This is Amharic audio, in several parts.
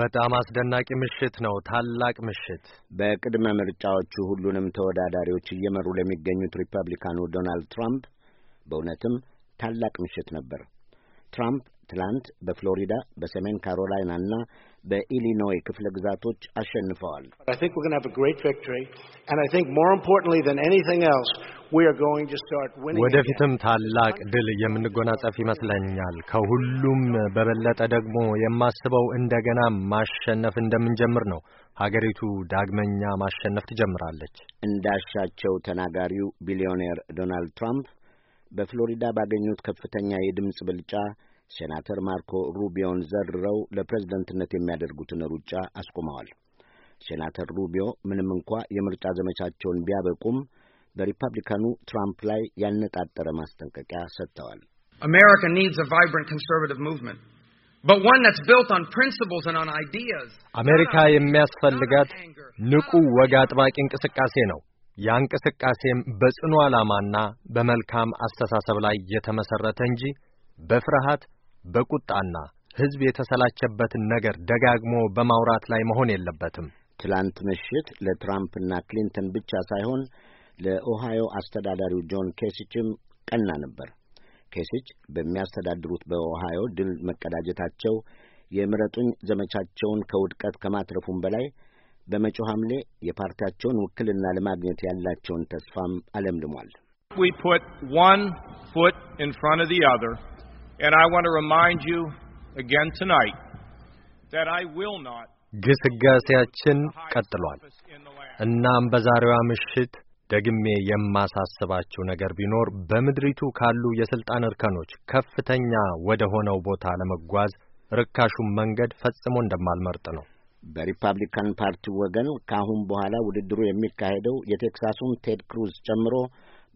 በጣም አስደናቂ ምሽት ነው። ታላቅ ምሽት። በቅድመ ምርጫዎቹ ሁሉንም ተወዳዳሪዎች እየመሩ ለሚገኙት ሪፐብሊካኑ ዶናልድ ትራምፕ በእውነትም ታላቅ ምሽት ነበር። ትራምፕ ትላንት በፍሎሪዳ በሰሜን ካሮላይና እና በኢሊኖይ ክፍለ ግዛቶች አሸንፈዋል። ወደፊትም ታላቅ ድል የምንጎናጸፍ ይመስለኛል። ከሁሉም በበለጠ ደግሞ የማስበው እንደገና ማሸነፍ እንደምንጀምር ነው። ሀገሪቱ ዳግመኛ ማሸነፍ ትጀምራለች። እንዳሻቸው ተናጋሪው ቢሊዮኔር ዶናልድ ትራምፕ በፍሎሪዳ ባገኙት ከፍተኛ የድምፅ ብልጫ ሴናተር ማርኮ ሩቢዮን ዘርረው ለፕሬዝደንትነት የሚያደርጉትን ሩጫ አስቁመዋል። ሴናተር ሩቢዮ ምንም እንኳ የምርጫ ዘመቻቸውን ቢያበቁም በሪፐብሊካኑ ትራምፕ ላይ ያነጣጠረ ማስጠንቀቂያ ሰጥተዋል። አሜሪካ የሚያስፈልጋት ንቁ ወግ አጥባቂ እንቅስቃሴ ነው። ያ እንቅስቃሴም በጽኑ ዓላማና በመልካም አስተሳሰብ ላይ የተመሠረተ እንጂ በፍርሃት በቁጣና ሕዝብ የተሰላቸበትን ነገር ደጋግሞ በማውራት ላይ መሆን የለበትም። ትላንት ምሽት ለትራምፕና ክሊንተን ብቻ ሳይሆን ለኦሃዮ አስተዳዳሪው ጆን ኬሲችም ቀና ነበር። ኬሲች በሚያስተዳድሩት በኦሃዮ ድል መቀዳጀታቸው የምረጡኝ ዘመቻቸውን ከውድቀት ከማትረፉም በላይ በመጪው ሐምሌ የፓርቲያቸውን ውክልና ለማግኘት ያላቸውን ተስፋም አለምልሟል። ግስጋሴያችን ቀጥሏል። እናም በዛሬዋ ምሽት ደግሜ የማሳስባችሁ ነገር ቢኖር በምድሪቱ ካሉ የሥልጣን እርከኖች ከፍተኛ ወደ ሆነው ቦታ ለመጓዝ ርካሹን መንገድ ፈጽሞ እንደማልመርጥ ነው። በሪፐብሊካን ፓርቲ ወገን ከአሁን በኋላ ውድድሩ የሚካሄደው የቴክሳሱን ቴድ ክሩዝ ጨምሮ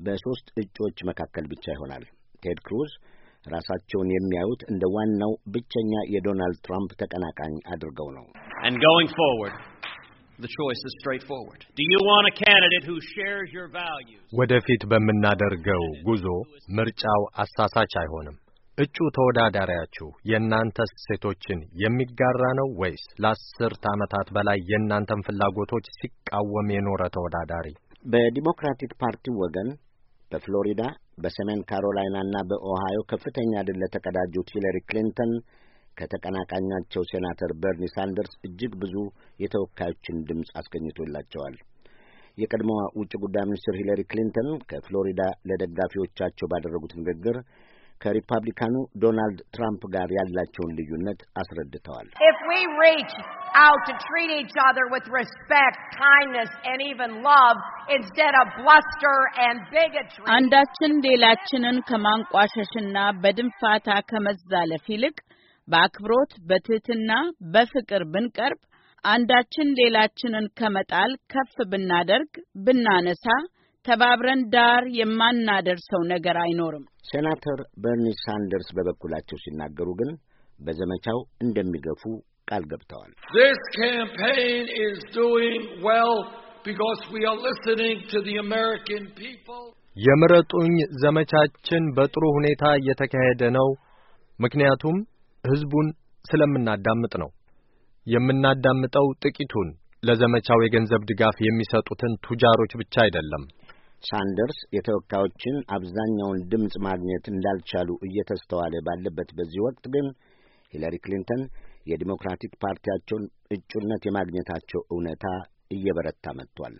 በሦስት እጩዎች መካከል ብቻ ይሆናል። ቴድ ክሩዝ ራሳቸውን የሚያዩት እንደ ዋናው ብቸኛ የዶናልድ ትራምፕ ተቀናቃኝ አድርገው ነው። And going forward, The choice is straightforward. Do you want a candidate who shares your values? ወደፊት በምናደርገው ጉዞ ምርጫው አሳሳች አይሆንም። እጩ ተወዳዳሪያችሁ የእናንተ ሴቶችን የሚጋራ ነው ወይስ ለአስርት ዓመታት በላይ የእናንተን ፍላጎቶች ሲቃወም የኖረ ተወዳዳሪ? በዲሞክራቲክ ፓርቲው ወገን በፍሎሪዳ፣ በሰሜን ካሮላይና እና በኦሃዮ ከፍተኛ ድል ለተቀዳጁት ሂለሪ ክሊንተን ከተቀናቃኛቸው ሴናተር በርኒ ሳንደርስ እጅግ ብዙ የተወካዮችን ድምፅ አስገኝቶላቸዋል። የቀድሞዋ ውጭ ጉዳይ ሚኒስትር ሂለሪ ክሊንተን ከፍሎሪዳ ለደጋፊዎቻቸው ባደረጉት ንግግር ከሪፐብሊካኑ ዶናልድ ትራምፕ ጋር ያላቸውን ልዩነት አስረድተዋል። አንዳችን ሌላችንን ከማንቋሸሽና በድንፋታ ከመዛለፍ ይልቅ በአክብሮት በትህትና በፍቅር ብንቀርብ አንዳችን ሌላችንን ከመጣል ከፍ ብናደርግ ብናነሳ ተባብረን ዳር የማናደርሰው ነገር አይኖርም። ሴናተር በርኒ ሳንደርስ በበኩላቸው ሲናገሩ ግን በዘመቻው እንደሚገፉ ቃል ገብተዋል። የምረጡኝ ዘመቻችን በጥሩ ሁኔታ እየተካሄደ ነው፣ ምክንያቱም ሕዝቡን ስለምናዳምጥ ነው። የምናዳምጠው ጥቂቱን ለዘመቻው የገንዘብ ድጋፍ የሚሰጡትን ቱጃሮች ብቻ አይደለም። ሳንደርስ የተወካዮችን አብዛኛውን ድምፅ ማግኘት እንዳልቻሉ እየተስተዋለ ባለበት በዚህ ወቅት ግን ሂለሪ ክሊንተን የዲሞክራቲክ ፓርቲያቸውን እጩነት የማግኘታቸው እውነታ እየበረታ መጥቷል።